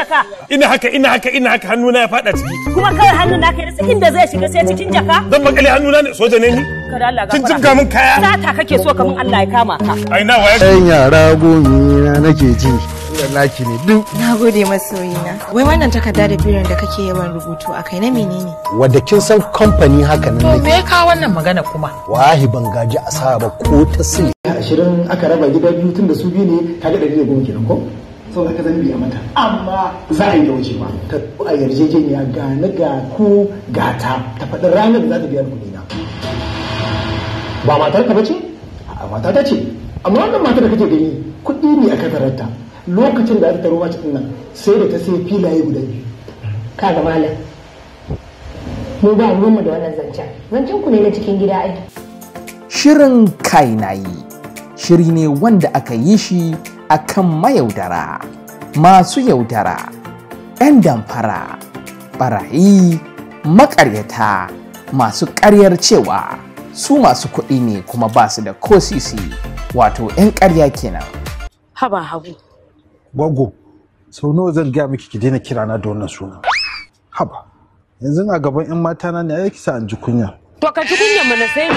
jaka ina haka ina haka ina haka hannuna ya fada ciki kuma kawai kai naka cikin inda zai shiga sai cikin jaka zan hannu hannuna ne soja ne ni kada Allah ga kin jibga min kaya sata kake so kamun Allah ya kama ka ai na waya ɗan yara gomi na nake ji laki ne duk na gode masoyina wai wannan takarda da biran da kake yawan rubutu a kai na menene wadda kin san kamfani haka nan ne me ya kawo wannan magana kuma wahi ban gaji asara ko ta sai. ashirin aka raba gida biyu tun da su biyu ne kaga ɗari da goma kenan ko sau da zan biya mata amma za a yi da ba ta a yarjejeniya ga na ga ku ga ta ta faɗi ranar za ta biya kuɗi na ba matar ka bace a mata ta ce amma wannan matar da kake gani kuɗi ne a kakararta lokacin da ta taro mace nan sai da ta sai filaye guda biyu ka ga malam mu ba mu da wannan zancen zancen ku ne na cikin gida ai shirin kai shiri ne wanda aka yi shi akan mayaudara masu yaudara 'yan damfara barayi maƙaryata masu ƙaryar cewa su masu kuɗi ne kuma ba su da kosisi, wato 'yan ƙarya kenan haba hagu gwago sau nawa zan gaya miki ki daina kirana da wannan suna haba yanzu na gaban 'yan matana ne aiki sa an ji kunya to ka ji kunya mana sai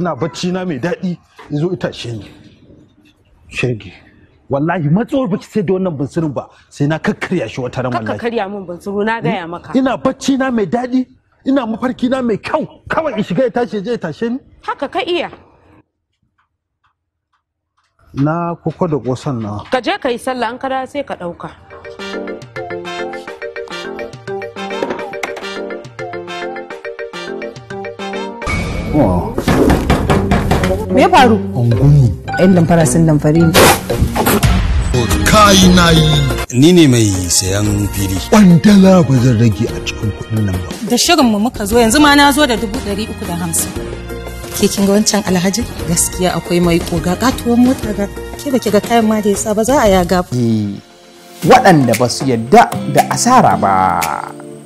ina bacci na mai daɗi in zo ita shege shege wallahi matsowar baki sai da wannan bunsurin ba sai na kakkarya shi wata ran wallahi kakkarya min bunsuru na gaya maka ina bacci na mai daɗi ina mafarki na mai kyau kawai in shiga ya tashi je ya tashe ni haka ka iya na kuka da kosan na ka je ka yi sallah an kada sai ka ɗauka Oh. me faru angunmu yan damfara sun damfare ni kai na yi ni ne mai sayan fili kwandala ba zan rage a cikin kuɗin nan ba da shirin mu muka zo yanzu ma na zo da dubu ɗari uku da hamsin ke ga wancan alhaji gaskiya akwai mai koga katuwar mota ga ke da ga kayan ma da yasa ba za a yaga eh, waɗanda ba su yadda da asara ba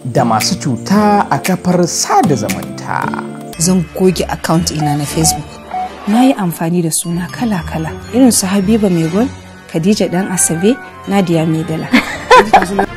da masu cuta a kafar sada zamanta zan goge account ina na facebook na yi amfani da suna kala-kala irin su habiba mai gol khadija dan asabe nadiya mai dala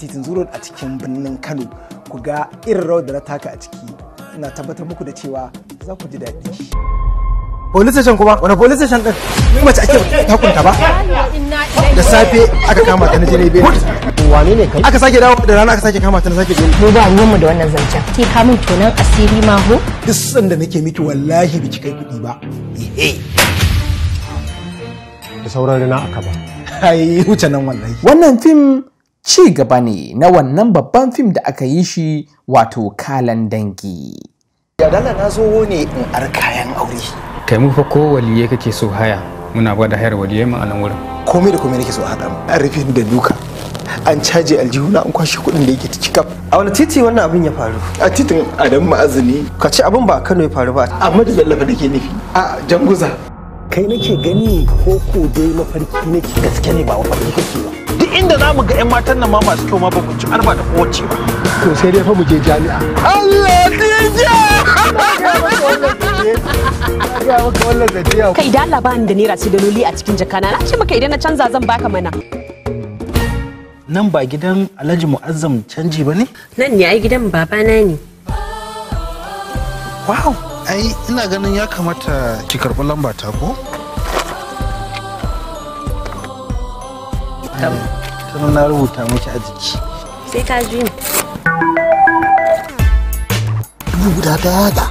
titin zuro a cikin birnin kano ku ga irin rawar da na taka a ciki na tabbatar muku da cewa za ku ji daɗi police station kuma wani police station din ni mace ake takunta ba da safe aka kama ta na jini biyu wani ne kai aka sake dawo da rana aka sake kama ta na sake jini mu ba mu da wannan zancen ke kamun tonan asiri ma ho duk sanda nake miki wallahi biki kai kuɗi ba ehe da sauran rina aka ba ai wuce nan wallahi wannan fim ci gaba ne na wannan babban fim da aka yi shi wato kalan dangi. Yadala na zo ne in ar kayan aure. Kai mu fa ko waliye kake so haya muna ba da hayar waliye mu a nan wurin. Komai da komai nake so haɗa mu. An rufe ni da duka. An caje aljihuna an kwashe kuɗin da yake ta cikaf. A wani titi wannan abin ya faru? A titin Adamu Ma'azini. Ka ci abin ba a Kano ya faru ba. A Madu Zallafa da ke nufi. A Janguza. kai nake gani ko ko dai mafarki nake gaske ne ba mafarki kake ba duk inda za mu ga 'yan matan nan ma masu kyau ma ba ku ci ba da kowace ba to sai dai fa mu je jami'a Allah DJ kai da Allah ba ni da naira sai da loli a cikin jakana na ce maka idan na canza zan baka mana nan ba gidan Alhaji Mu'azzam canji ba ne nan ne ai gidan babana ne wow ai ina ganin ya kamata ki karɓi lamba ta ko? tamu na rubuta miki a jiki. Sai ka ji ni. Dubu guda daya da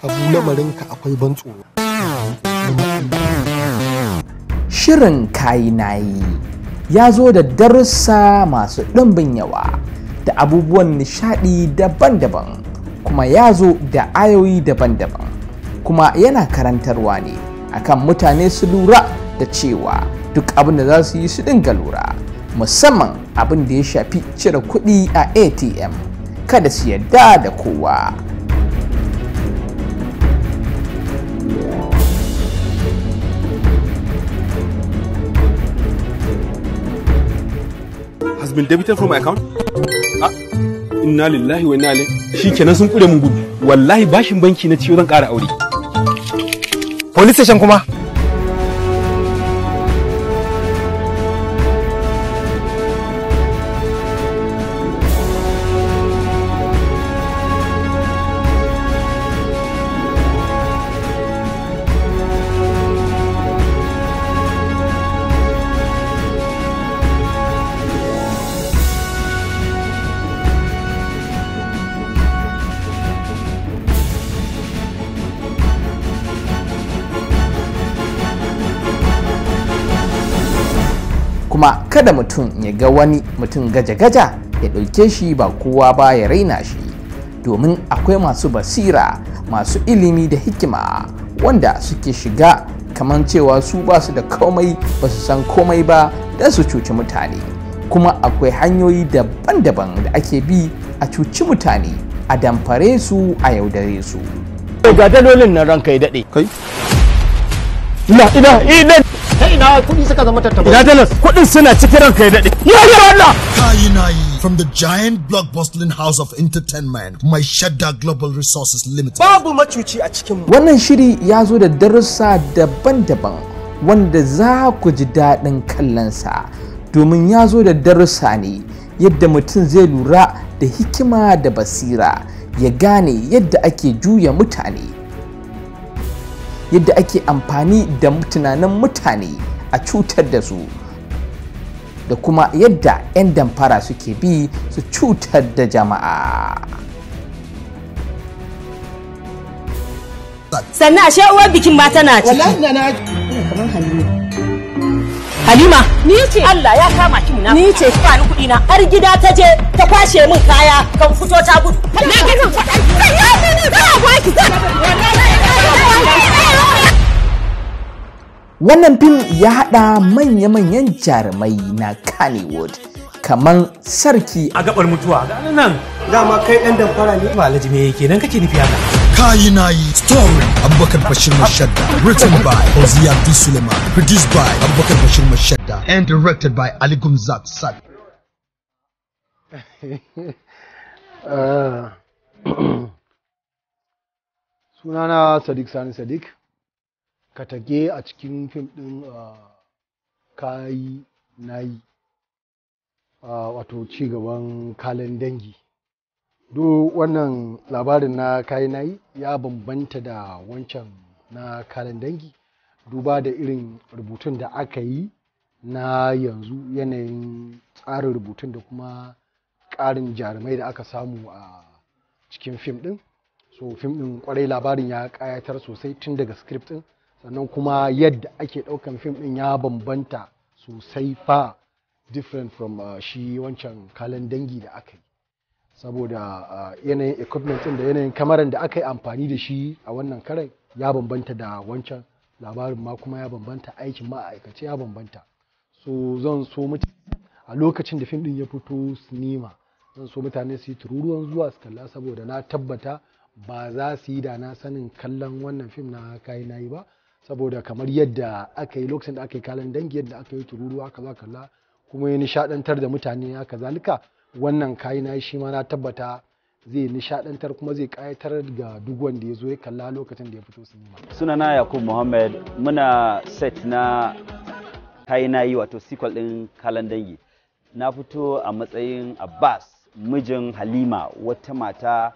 abu lamarinka akwai ban tsoro. Shirin kayi nayi ya zo da darussa masu ɗimbin yawa da abubuwan nishaɗi daban-daban. kuma ya zo da ayoyi daban-daban kuma yana karantarwa ne akan mutane su lura da cewa duk abin da za su yi su dinga lura musamman abin da ya shafi cire kuɗi a atm kada su yadda da kowa been debited from my account inna lillahi wa inna ilaihi shikenan sun kure mun gudu wallahi bashin banki na ciwo zan ƙara aure police station kuma kuma kada mutum ya ga wani mutum gaja-gaja ya ɗauke shi ba kowa ba ya raina shi domin akwai masu basira masu ilimi da hikima wanda suke shiga kamar cewa su ba su da komai ba su san komai ba don su cuci mutane kuma akwai hanyoyi daban-daban da ake bi a cuci mutane a damfare su a yaudare su ga dalolin nan ranka ya daɗe kai ina ina ina ta ina kuɗi suka zama tattaba ina dalas kuɗin suna cikin ranka ya daɗe yayi wannan from the giant blockbustling house of entertainment mai shadda global resources limited babu macuci a cikin mu wannan shiri ya zo da darussa daban-daban wanda za ku ji daɗin kallonsa domin ya zo da darussa ne yadda mutum zai lura da hikima da basira ya gane yadda ake juya mutane yadda ake amfani da tunanin mutane a cutar da su da kuma yadda 'yan damfara suke bi su cutar da jama'a sannan ashe uwar bikin ma tana ciki Halima ni ce Allah ya kama ki na ni ce ba ni kudi na har gida ta je ta kwashe min kaya kan fito ta gudu na ga zan faɗa ki wannan fim ya haɗa manya-manyan jarumai na Kannywood kamar sarki a gabar mutuwa nan dama kai ɗan damfara ne ba alhaji me yake nan kake nufi haka kayi na yi story abubakar bashir mashadda written by oziya D. suleiman produced by abubakar bashir mashadda and directed by ali gumzat sad uh, sunana sadiq sani sadiq Katage a cikin fim ɗin ah, Kayi a ah, wato ci Kalin Dangi. Duk wannan labarin na Kayi yi ya bambanta da wancan na Kalin Dangi duba da irin rubutun da aka yi na yanzu yanayin tsarin rubutun da kuma ƙarin jarumai da aka samu a cikin fim ɗin. So fim ɗin ƙwarai labarin ya ƙayatar sosai tun daga script ɗin. sannan kuma yadda ake ɗaukan fim ɗin ya bambanta sosai fa different from uh, shi wancan kalan dangi da aka yi saboda uh, yanayin equipment ɗin da yanayin kamaran da aka yi amfani da shi a wannan karai ya bambanta da wancan labarin ma kuma ya bambanta aikin ma aikace ya bambanta so zan so a lokacin da fim ɗin ya fito sinima zan so mutane su yi tururuwan zuwa su kalla saboda na tabbata ba za su yi da na sanin kallon wannan fim na kai na yi ba saboda kamar yadda aka yi lokacin da aka yi kalan dangi yadda aka yi tururuwa kaza kaza kuma ya nishadantar da mutane ya kazalika wannan kayi na shi ma na tabbata zai nishadantar kuma zai kayatar ga duk wanda ya zo ya kalla lokacin da ya fito sinima na yakub muhammad muna set na kayi na yi wato sequel din kalan dangi na fito a matsayin abbas mijin halima wata mata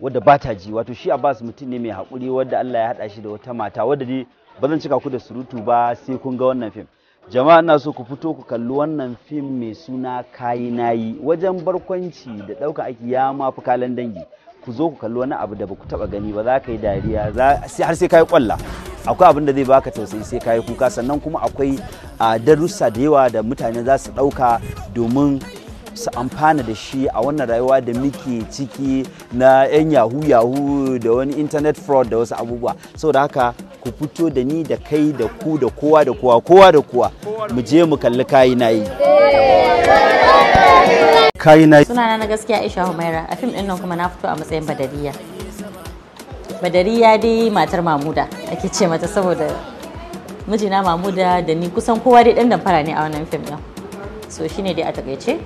wadda ba ta ji wato shi abbas mutum ne mai haƙuri wadda allah ya haɗa shi da wata mata wadda dai ba zan cika ku da surutu ba sai kun ga wannan fim jama'a ina so ku fito ku kalli wannan fim mai suna kayi nayi wajen barkwanci da ɗauka aiki ya ma fi kalan dangi ku zo ku kalli wani abu da ba ku taba gani ba za ka yi dariya har sai kayi kwalla akwai abin da zai baka tausayi sai kayi kuka sannan kuma akwai ah, darussa da yawa da mutane za su ɗauka domin su amfana da shi a wannan rayuwa da muke ciki na 'yan yahu yahu da wani internet fraud da wasu abubuwa saboda haka ku fito da ni da kai da ku da kowa da kowa kowa da kowa mu je mu kalli kayi na yi kayi na sunana na gaskiya Aisha Humaira a fim din nan kuma na fito a matsayin badariya badariya dai matar Mamuda ake ce mata saboda mijina Mamuda da ni kusan kowa dai dan damfara ne a wannan fim din so shine dai a takaice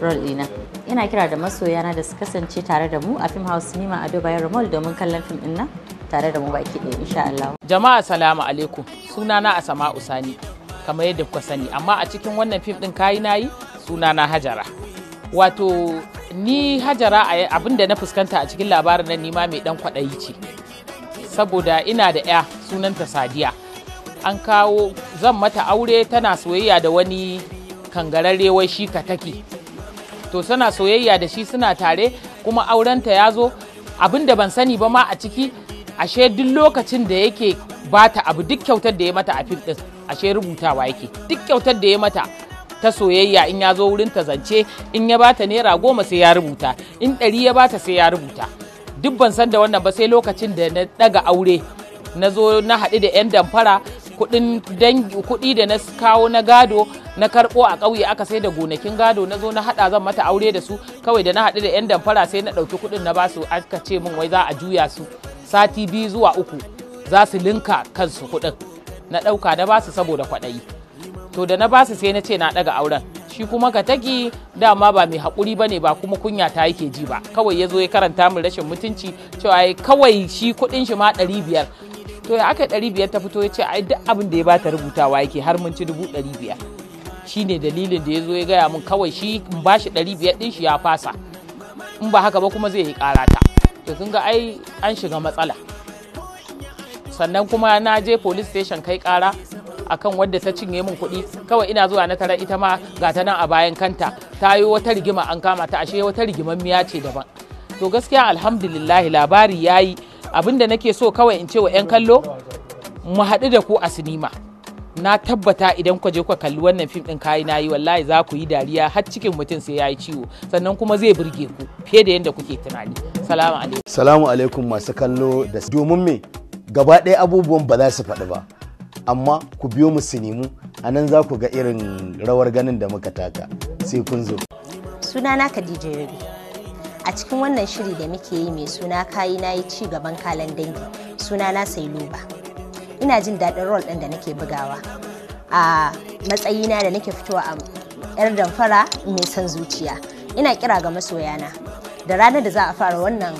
rol ɗina ina kira da masoyana da su kasance tare da mu a film house nima ado bayan ramol domin kallon fim ɗin nan tare da mu baki ɗaya insha Allah. jama'a salamu alaikum sunana asama usani kamar yadda kuka sani amma a cikin wannan fim ɗin kayi nayi sunana hajara wato ni hajara abin da na fuskanta a cikin labarin nan nima mai dan kwaɗayi ce saboda ina da ya sunanta sadiya an kawo zan mata aure tana soyayya da wani kangararre wai shi ka take to suna soyayya da shi suna tare kuma aurenta ya zo abin da ban sani ba ma a ciki ashe duk lokacin da yake bata abu duk kyautar da ya mata a fil din ashe rubutawa yake duk kyautar da ya mata ta soyayya in ya zo wurin ta zance in ya bata naira goma sai ya rubuta in ɗari ya bata sai ya rubuta duk ban san da wannan ba sai lokacin da na ɗaga aure na zo na haɗu da 'yan damfara kuɗin dangi kuɗi da na kawo na gado na karɓo a ƙauye aka sai da gonakin gado na zo na haɗa zan mata aure da su kawai da na haɗu da 'yan damfara sai na ɗauki kuɗin na basu aka ce min wai za a juya su sati biyu zuwa uku za su linka kansu kuɗin na ɗauka na basu saboda kwaɗayi to da na basu sai na ce na ɗaga auren shi kuma ka taki dama ba mai haƙuri ba ne ba kuma kunya ta yake ji ba kawai ya zo ya karanta min rashin mutunci cewa kawai shi kuɗin shi ma ɗari biyar to ya aka ɗari biyar ta fito ya ce ai duk abin da ya bata rubutawa yake har mun ci dubu ɗari biyar shi ne dalilin da ya zo ya gaya mun kawai shi in ba shi ɗari biyar ɗin shi ya fasa in ba haka ba kuma zai yi karata to kun ga ai an shiga matsala sannan kuma na je police station kai kara akan wadda ta cinye min kuɗi kawai ina zuwa na tara ita ma ga ta nan a bayan kanta ta yi wata rigima an kama ta ashe wata rigimammiya ce daban to gaskiya alhamdulillahi labari yayi abinda nake so kawai in ce wa 'yan kallo mu haɗu da ku a sinima na tabbata idan ku je ku kalli wannan fim ɗin kayi nayi wallahi za ku yi dariya har cikin mutum sai ya yi ciwo sannan kuma zai burge ku fiye da yadda kuke tunani salamu alaikum salamu alaikum masu kallo da domin me gaba ɗaya abubuwan ba za su faɗi ba amma ku biyo mu sinimu a nan za ku ga irin rawar ganin da muka taka sai kun zo sunana khadija yobe a cikin wannan shiri da muke yi mai suna kayi na yi ci gaban kalan dangi suna na sai luba ina jin daɗin rol ɗin da nake bugawa a matsayina da nake fitowa a yar damfara mai son zuciya ina kira ga masoyana da ranar da za a fara wannan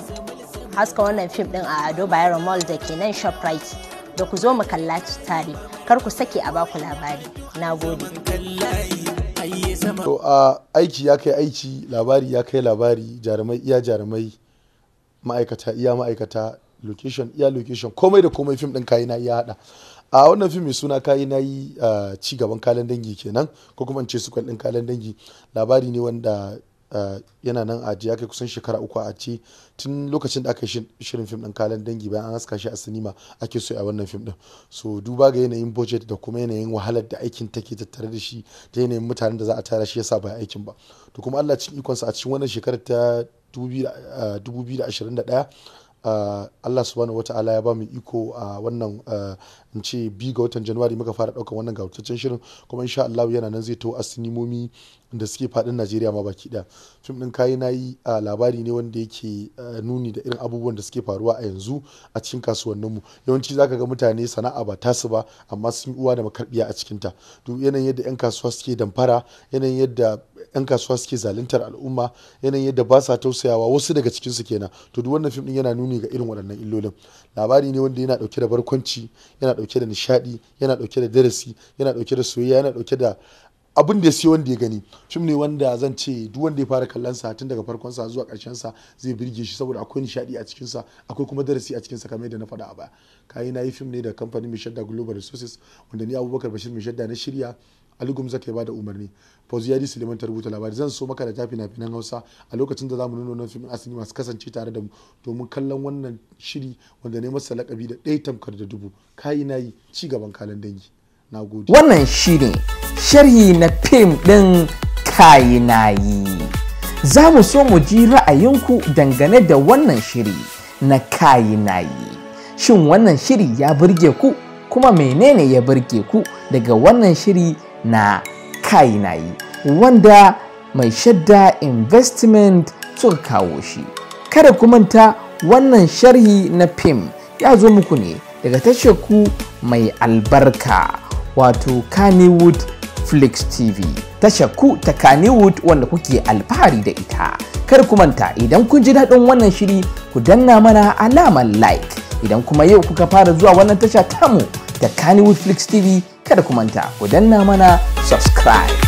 haska wannan fim ɗin a ado bayero mall da ke nan shoprite da ku zo mu kalla tare kar ku sake a baku labari na gode to a aiki ya kai aiki labari ya kai labari jarumai iya jarumai ma'aikata iya ma'aikata location iya location komai da komai fim din kayi na iya hada a wannan fim mai suna kayi na yi ci gaban kalan dangi kenan ko kuma in ce sukan din kalan dangi labari ne wanda Eh, yana nan a ya kai kusan shekara uku a ce tun lokacin da aka yi shirin fim din kalan dangi bayan an haska shi a sinima ake so a wannan fim din so duba ga yanayin budget da kuma yanayin wahalar da aikin take tattare da shi ta yanayin mutanen da za a tara shi yasa ba aikin ba to kuma Allah cikin ikonsa a cikin wannan shekarar ta 2021 Eh, Allah subhanahu wata'ala ya ba mu iko a wannan eh, in ce bi ga watan Januwari muka fara daukan wannan gautaccen shirin kuma insha Allah yana nan zai to a sinimomi da suke fadin Najeriya ma baki da fim din kayi nayi a labari ne wanda yake eh, nuni da irin abubuwan da suke faruwa a yanzu a cikin kasuwannin mu yawanci zaka ga mutane sana'a ba tasu ba amma sun uwa da makarbiya a cikin ta duk yanayin yadda yan kasuwa suke damfara yanayin yadda 'yan kasuwa suke zaluntar al'umma yanayin yadda ba sa tausayawa wasu daga cikin su kenan to duk wannan fim din yana nuni ga irin waɗannan illolin labari ne wanda yana dauke da barkwanci yana dauke da nishaɗi yana dauke da darasi yana dauke da soyayya yana dauke da abin da ya siyo wanda ya gani fim ne wanda zan ce duk wanda ya fara kallon sa tun daga farkon sa zuwa karshen sa zai birge shi saboda akwai nishadi a cikin sa akwai kuma darasi a cikin sa kamar yadda na faɗa a baya kai na yi fim ne da kamfanin Mishadda Global Resources wanda ni Abubakar Bashir Mishadda na shirya ali gumza ke bada umarni fauziyadi suleiman ta rubuta labari zan so maka da tafi na finan hausa a lokacin da za mu nuna wannan fim asini masu kasance tare da mu domin kallon wannan shiri wanda ne masa lakabi da ɗaya tamkar da dubu kayi na yi ci gaban kalan dangi na gode wannan ne sharhi na fim ɗin kayi na yi za mu so mu ji ra'ayinku dangane da wannan shiri na kayi na yi shin wannan shiri ya burge ku kuma menene ya burge ku daga wannan shiri na kainayi wanda mai shadda investment suka kawo shi kada ku manta wannan sharhi na fim ya zo muku ne daga tashar ku mai albarka wato kannywood flix tv tashar ku ta kannywood wanda kuke alfahari da ita kar kuma manta idan kun ji daɗin wannan shiri ku danna mana alamar like idan kuma yau kuka fara zuwa wannan tasha tamu da Kannywood Flix TV kada ku manta ku danna mana subscribe.